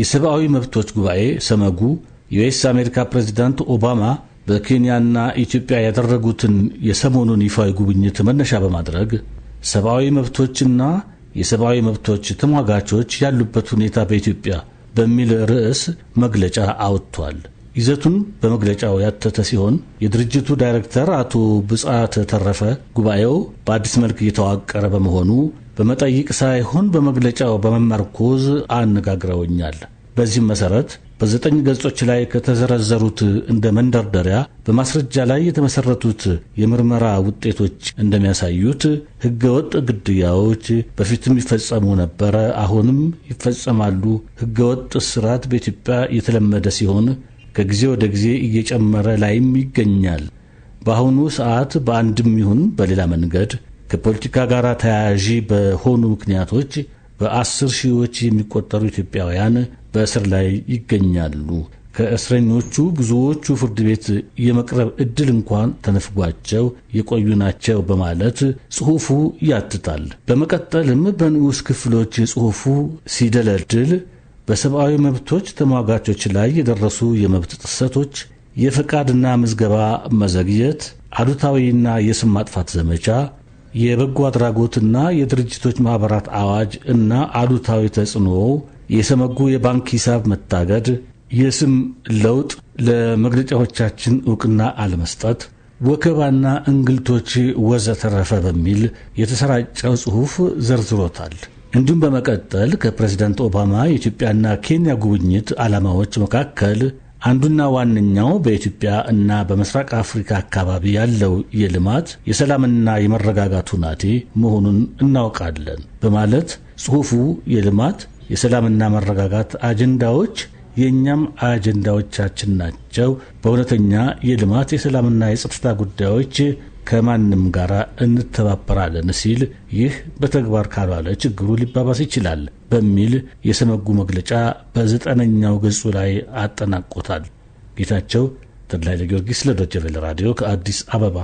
የሰብአዊ መብቶች ጉባኤ ሰመጉ የዩኤስ አሜሪካ ፕሬዚዳንት ኦባማ በኬንያና ኢትዮጵያ ያደረጉትን የሰሞኑን ይፋዊ ጉብኝት መነሻ በማድረግ ሰብአዊ መብቶችና የሰብአዊ መብቶች ተሟጋቾች ያሉበት ሁኔታ በኢትዮጵያ በሚል ርዕስ መግለጫ አውጥቷል። ይዘቱን በመግለጫው ያተተ ሲሆን የድርጅቱ ዳይሬክተር አቶ ብጻት ተረፈ ጉባኤው በአዲስ መልክ እየተዋቀረ በመሆኑ በመጠይቅ ሳይሆን በመግለጫው በመመርኮዝ አነጋግረውኛል። በዚህም መሰረት በዘጠኝ ገጾች ላይ ከተዘረዘሩት እንደ መንደርደሪያ በማስረጃ ላይ የተመሰረቱት የምርመራ ውጤቶች እንደሚያሳዩት ህገወጥ ግድያዎች በፊትም ይፈጸሙ ነበረ፣ አሁንም ይፈጸማሉ። ህገወጥ እስራት በኢትዮጵያ የተለመደ ሲሆን ከጊዜ ወደ ጊዜ እየጨመረ ላይም ይገኛል። በአሁኑ ሰዓት በአንድም ይሁን በሌላ መንገድ ከፖለቲካ ጋር ተያያዥ በሆኑ ምክንያቶች በአስር ሺዎች የሚቆጠሩ ኢትዮጵያውያን በእስር ላይ ይገኛሉ። ከእስረኞቹ ብዙዎቹ ፍርድ ቤት የመቅረብ እድል እንኳን ተነፍጓቸው የቆዩ ናቸው በማለት ጽሑፉ ያትታል። በመቀጠልም በንዑስ ክፍሎች ጽሑፉ ሲደለድል በሰብአዊ መብቶች ተሟጋቾች ላይ የደረሱ የመብት ጥሰቶች፣ የፈቃድና ምዝገባ መዘግየት፣ አሉታዊና የስም ማጥፋት ዘመቻ፣ የበጎ አድራጎትና የድርጅቶች ማኅበራት አዋጅ እና አሉታዊ ተጽዕኖ፣ የሰመጉ የባንክ ሂሳብ መታገድ፣ የስም ለውጥ፣ ለመግለጫዎቻችን ዕውቅና አለመስጠት፣ ወከባና እንግልቶች ወዘተረፈ በሚል የተሰራጨው ጽሑፍ ዘርዝሮታል። እንዲሁም በመቀጠል ከፕሬዚዳንት ኦባማ የኢትዮጵያና ኬንያ ጉብኝት ዓላማዎች መካከል አንዱና ዋነኛው በኢትዮጵያ እና በምስራቅ አፍሪካ አካባቢ ያለው የልማት የሰላምና የመረጋጋቱ ሁናቴ መሆኑን እናውቃለን በማለት ጽሑፉ የልማት የሰላምና መረጋጋት አጀንዳዎች የእኛም አጀንዳዎቻችን ናቸው። በእውነተኛ የልማት የሰላምና የጸጥታ ጉዳዮች ከማንም ጋር እንተባበራለን ሲል ይህ በተግባር ካልዋለ ችግሩ ሊባባስ ይችላል በሚል የሰመጉ መግለጫ በዘጠነኛው ገጹ ላይ አጠናቆታል። ጌታቸው ተድላይ ለጊዮርጊስ ለዶቸቬለ ራዲዮ ከአዲስ አበባ